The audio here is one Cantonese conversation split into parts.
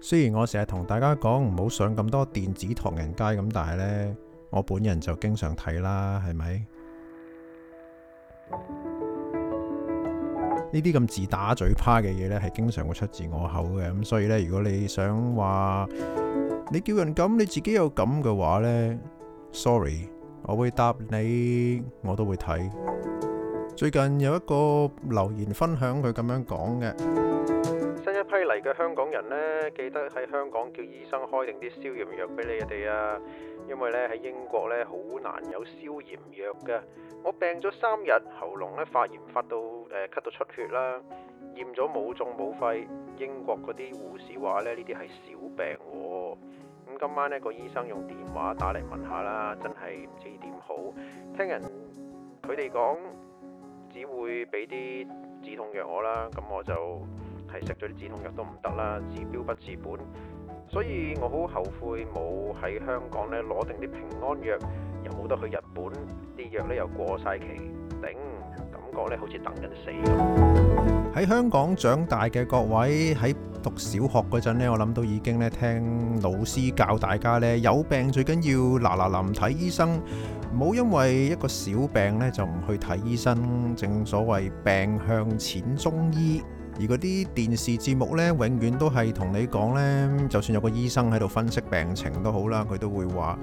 雖然我成日同大家講唔好上咁多電子唐人街咁，但係呢，我本人就經常睇啦，係咪？呢啲咁自打嘴巴嘅嘢呢，係經常會出自我口嘅，咁所以呢，如果你想話你叫人咁，你自己又咁嘅話呢，sorry 我會答你，我都會睇。最近有一個留言分享，佢咁樣講嘅：新一批嚟嘅香港人呢，記得喺香港叫醫生開定啲消炎藥俾你哋啊！因為呢喺英國呢好難有消炎藥嘅。我病咗三日，喉嚨呢發炎發到誒，咳到出血啦，驗咗冇腫冇肺。英國嗰啲護士話呢，呢啲係小病。今晚呢個醫生用電話打嚟問下啦，真係唔知點好。聽人佢哋講，他們說只會俾啲止痛藥我啦，咁我就係食咗啲止痛藥都唔得啦，治標不治本。所以我好後悔冇喺香港呢攞定啲平安藥，又冇得去日本，啲藥呢又過晒期，頂感覺呢好似等緊死咁。喺香港長大嘅各位，喺讀小學嗰陣呢，我諗都已經咧聽老師教大家呢，有病最緊要嗱嗱臨睇醫生，唔好因為一個小病呢就唔去睇醫生。正所謂病向淺中醫。而嗰啲電視節目呢，永遠都係同你講呢：「就算有個醫生喺度分析病情都好啦，佢都會話：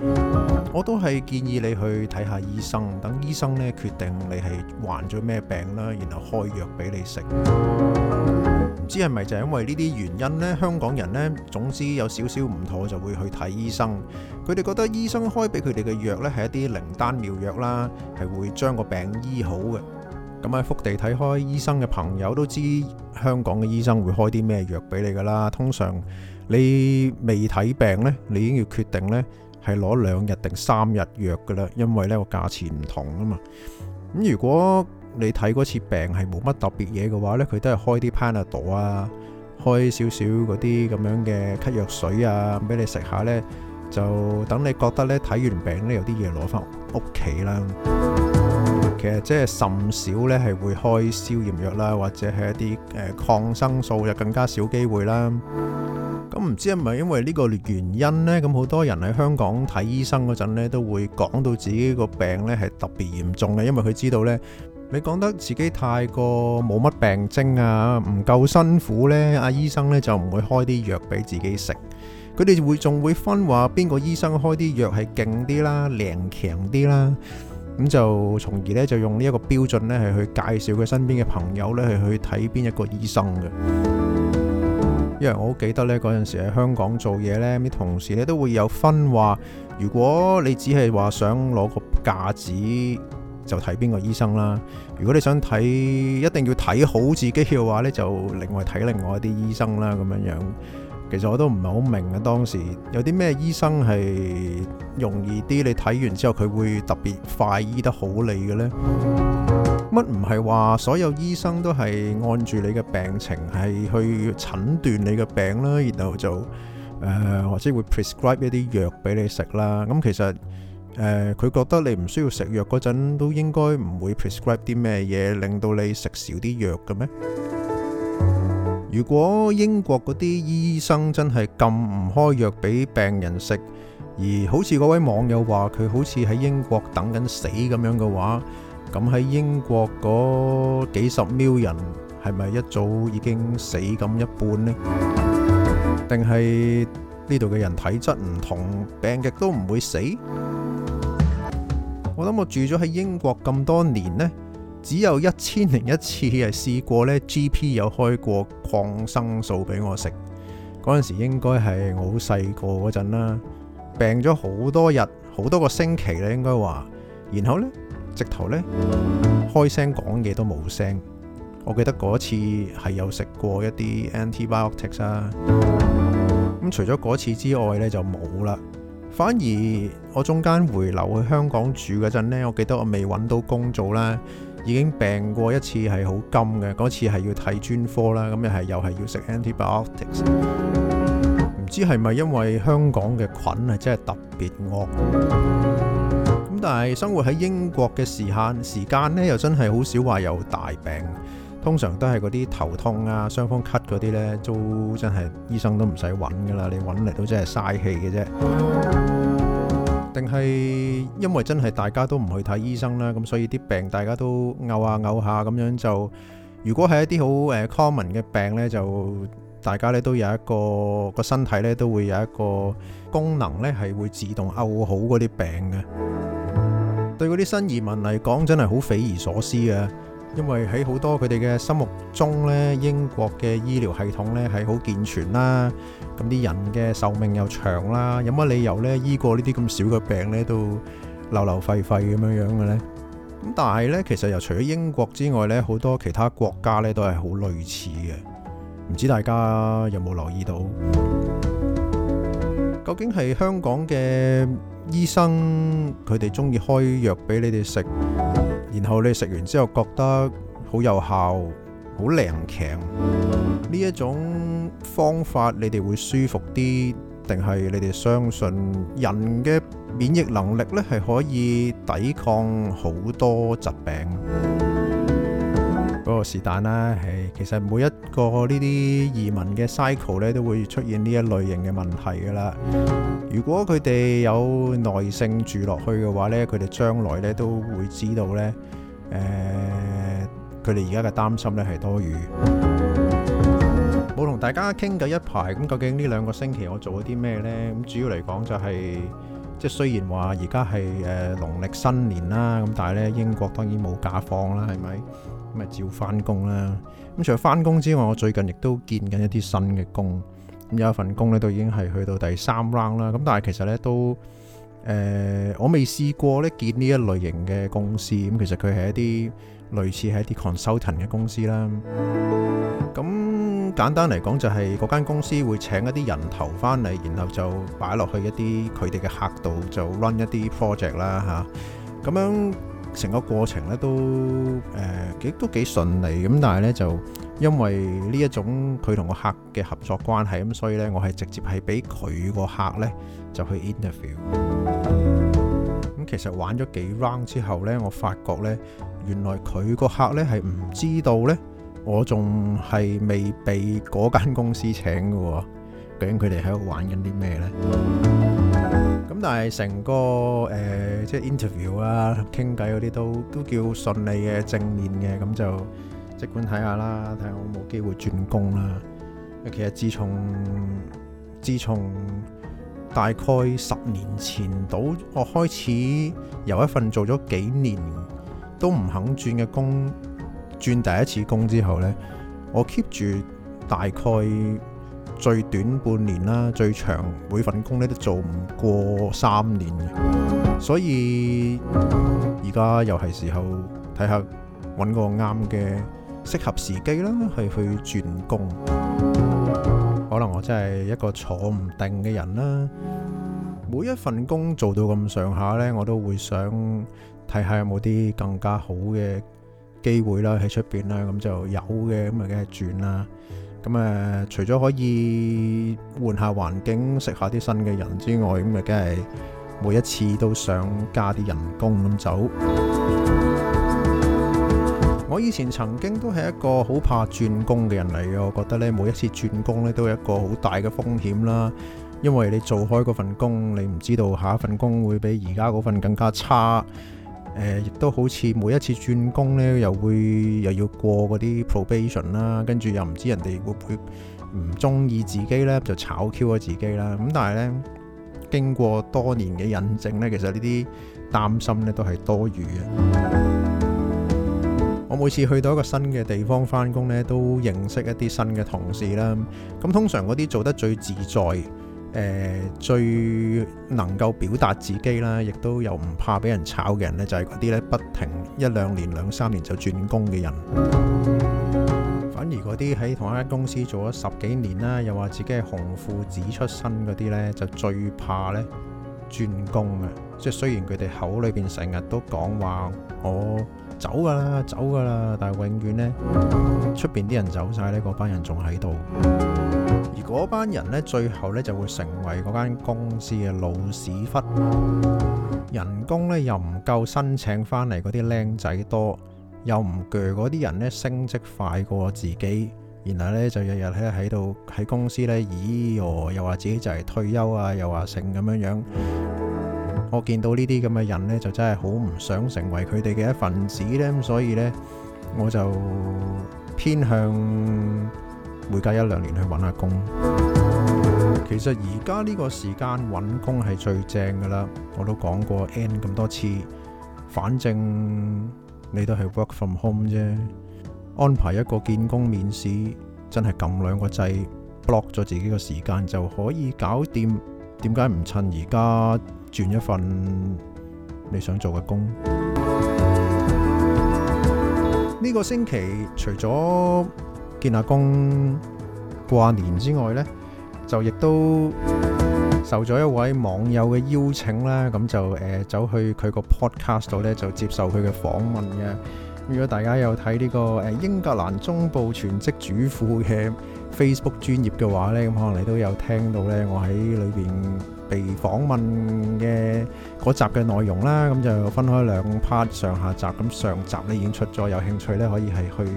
我都係建議你去睇下醫生，等醫生呢決定你係患咗咩病啦，然後開藥俾你食。唔知係咪就係因為呢啲原因呢？香港人呢，總之有少少唔妥就會去睇醫生，佢哋覺得醫生開俾佢哋嘅藥呢係一啲靈丹妙藥啦，係會將個病醫好嘅。咁喺福地睇開醫生嘅朋友，都知香港嘅醫生會開啲咩藥俾你噶啦。通常你未睇病咧，你已經要決定咧係攞兩日定三日藥噶啦，因為呢個價錢唔同啊嘛。咁如果你睇嗰次病係冇乜特別嘢嘅話咧，佢都係開啲 Panadol 啊，開少少嗰啲咁樣嘅咳藥水啊，俾你食下咧，就等你覺得咧睇完病咧有啲嘢攞翻屋企啦。其實即係甚少呢，係會開消炎藥啦，或者係一啲誒抗生素就更加少機會啦。咁唔知係咪因為呢個原因呢？咁好多人喺香港睇醫生嗰陣呢，都會講到自己個病呢係特別嚴重嘅，因為佢知道呢，你講得自己太過冇乜病徵啊，唔夠辛苦呢，阿醫生呢就唔會開啲藥俾自己食。佢哋會仲會分話邊個醫生開啲藥係勁啲啦，靈強啲啦。咁就從而咧，就用呢一個標準咧，係去介紹佢身邊嘅朋友咧，係去睇邊一個醫生嘅。因為我好記得咧，嗰陣時喺香港做嘢咧，啲同事咧都會有分話，如果你只係話想攞個假紙就睇邊個醫生啦，如果你想睇，一定要睇好自己嘅話咧，就另外睇另外一啲醫生啦，咁樣樣。其實我都唔係好明啊，當時有啲咩醫生係容易啲，你睇完之後佢會特別快醫得好你嘅呢？乜唔係話所有醫生都係按住你嘅病情係去診斷你嘅病啦，然後就誒、呃、或者會 prescribe 一啲藥俾你食啦？咁、嗯、其實誒佢、呃、覺得你唔需要食藥嗰陣都應該唔會 prescribe 啲咩嘢令到你食少啲藥嘅咩？如果英國嗰啲醫生真係禁唔開藥俾病人食，而好似嗰位網友話佢好似喺英國等緊死咁樣嘅話，咁喺英國嗰幾十 million 人係咪一早已經死咁一半呢？定係呢度嘅人體質唔同，病極都唔會死？我諗我住咗喺英國咁多年呢。只有一千零一次係試過咧，GP 有開過抗生素俾我食。嗰陣時應該係我好細個嗰陣啦，病咗好多日，好多個星期咧應該話，然後呢，直頭呢開聲講嘢都冇聲。我記得嗰次係有食過一啲 antibiotics 啦、啊。咁除咗嗰次之外呢，就冇啦。反而我中間回流去香港住嗰陣咧，我記得我未揾到工做啦。已經病過一次係好金嘅，嗰次係要睇專科啦，咁又係又係要食 antibiotics，唔知係咪因為香港嘅菌係真係特別惡？咁但係生活喺英國嘅時限時間呢，又真係好少話有大病，通常都係嗰啲頭痛啊、雙方咳嗰啲呢，都真係醫生都唔使揾㗎喇，你揾嚟都真係嘥氣嘅啫。定係因為真係大家都唔去睇醫生啦，咁所以啲病大家都拗下拗下咁樣就。如果係一啲好誒 common 嘅病呢，就大家呢都有一個個身體呢都會有一個功能呢係會自動拗好嗰啲病嘅。對嗰啲新移民嚟講，真係好匪夷所思嘅。因為喺好多佢哋嘅心目中呢，英國嘅醫療系統呢係好健全啦，咁啲人嘅壽命又長啦，有乜理由呢醫過呢啲咁少嘅病呢都流流費費咁樣樣嘅呢？咁但係呢，其實又除咗英國之外呢，好多其他國家呢都係好類似嘅，唔知大家有冇留意到？究竟係香港嘅醫生佢哋中意開藥俾你哋食？然後你食完之後覺得好有效，好靈強，呢一種方法，你哋會舒服啲，定係你哋相信人嘅免疫能力咧，係可以抵抗好多疾病？是但啦，唉，其實每一個呢啲移民嘅 cycle 咧，都會出現呢一類型嘅問題噶啦。如果佢哋有耐性住落去嘅話咧，佢哋將來咧都會知道咧，誒、呃，佢哋而家嘅擔心咧係多餘。冇同 大家傾偈一排，咁究竟呢兩個星期我做咗啲咩呢？咁主要嚟講就係、是，即係雖然話而家係誒農曆新年啦，咁但係咧英國當然冇假放啦，係咪？咁咪照翻工啦！咁除咗翻工之外，我最近亦都見緊一啲新嘅工。咁有一份工咧，都已經係去到第三 round 啦。咁但係其實咧，都誒我未試過咧見呢一類型嘅公司。咁其實佢係一啲類似係一啲 consultant 嘅公司啦。咁簡單嚟講，就係嗰間公司會請一啲人頭翻嚟，然後就擺落去一啲佢哋嘅客度，就 run 一啲 project 啦嚇。咁樣成個過程咧都誒，亦都幾順利咁，但係呢就因為呢一種佢同個客嘅合作關係，咁所以呢我係直接係俾佢個客呢就去 interview。咁其實玩咗幾 round 之後呢，我發覺呢原來佢個客呢係唔知道呢我仲係未被嗰間公司請嘅喎，究竟佢哋喺度玩緊啲咩呢？但係成個誒、呃，即係 interview 啊，傾偈嗰啲都都叫順利嘅正面嘅，咁就即管睇下啦，睇下我有冇機會轉工啦、啊。其實自從自從大概十年前到我開始由一份做咗幾年都唔肯轉嘅工，轉第一次工之後呢，我 keep 住大概。最短半年啦，最長每份工咧都做唔過三年，所以而家又係時候睇下揾個啱嘅適合時機啦，係去轉工。可能我真係一個坐唔定嘅人啦，每一份工做到咁上下呢，我都會想睇下有冇啲更加好嘅機會啦，喺出邊啦，咁就有嘅，咁啊梗係轉啦。咁誒、嗯，除咗可以換下環境，識下啲新嘅人之外，咁咪梗係每一次都想加啲人工咁走。 我以前曾經都係一個好怕轉工嘅人嚟嘅，我覺得咧，每一次轉工咧都係一個好大嘅風險啦，因為你做開嗰份工，你唔知道下一份工會比而家嗰份更加差。誒，亦都好似每一次轉工呢，又會又要過嗰啲 probation 啦，跟住又唔知人哋會唔會唔中意自己呢，就炒 Q 咗自己啦。咁但係呢，經過多年嘅印證呢，其實呢啲擔心呢都係多餘嘅。我每次去到一個新嘅地方返工呢，都認識一啲新嘅同事啦。咁通常嗰啲做得最自在，誒，最能夠表達自己啦，亦都又唔怕俾人炒嘅人呢，就係嗰啲咧，不停一兩年兩三年就轉工嘅人。反而嗰啲喺同一間公司做咗十幾年啦，又話自己係紅褲子出身嗰啲呢，就最怕咧轉工嘅。即係雖然佢哋口裏邊成日都講話我走㗎啦，走㗎啦，但係永遠呢，出邊啲人走晒呢，嗰班人仲喺度。嗰班人呢，最後呢就會成為嗰間公司嘅老屎忽，人工呢又唔夠，申請翻嚟嗰啲靚仔多，又唔鋸嗰啲人呢升職快過自己，然後呢，就日日喺度喺公司呢，咦哦，又話自己就係退休啊，又話成咁樣樣。我見到呢啲咁嘅人呢，就真係好唔想成為佢哋嘅一份子呢。咁所以呢，我就偏向，每隔一兩年去揾下工，其實而家呢個時間揾工係最正㗎喇，我都講過 N 咁多次，反正你都係 work from home 啫，安排一個見工面試，真係撳兩個掣，block 咗自己個時間就可以搞掂。點解唔趁而家轉一份你想做嘅工？呢個星期除咗見阿公過年之外咧，就亦都受咗一位網友嘅邀請咧，咁就誒走去佢個 podcast 度咧，就接受佢嘅訪問嘅。如果大家有睇呢個誒英格蘭中部全職主婦嘅 Facebook 專頁嘅話咧，咁可能你都有聽到咧，我喺裏邊被訪問嘅嗰集嘅內容啦。咁就分開兩 part 上下集，咁上集呢已經出咗，有興趣咧可以係去。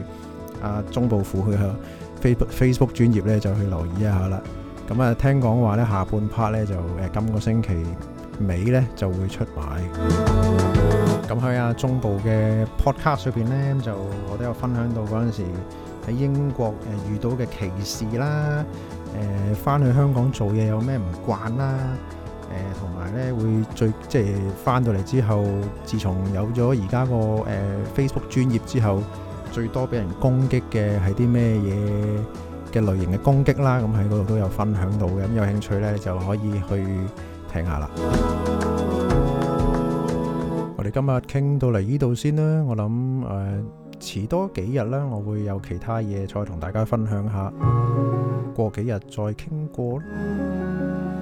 啊，中部府去喺 Facebook Facebook 專頁咧，就去留意一下啦。咁啊，聽講話咧，下半 part 咧就誒今個星期尾咧就會出埋。咁喺啊中部嘅 Podcast 裡邊咧，就我都有分享到嗰陣時喺英國誒遇到嘅歧視啦，誒翻去香港做嘢有咩唔慣啦，誒同埋咧會最即係翻到嚟之後，自從有咗而家個誒 Facebook 專頁之後。最多俾人攻擊嘅係啲咩嘢嘅類型嘅攻擊啦，咁喺嗰度都有分享到嘅，咁有興趣呢就可以去聽下啦。我哋今日傾到嚟呢度先啦，我諗誒遲多幾日啦，我會有其他嘢再同大家分享下，過幾日再傾過啦。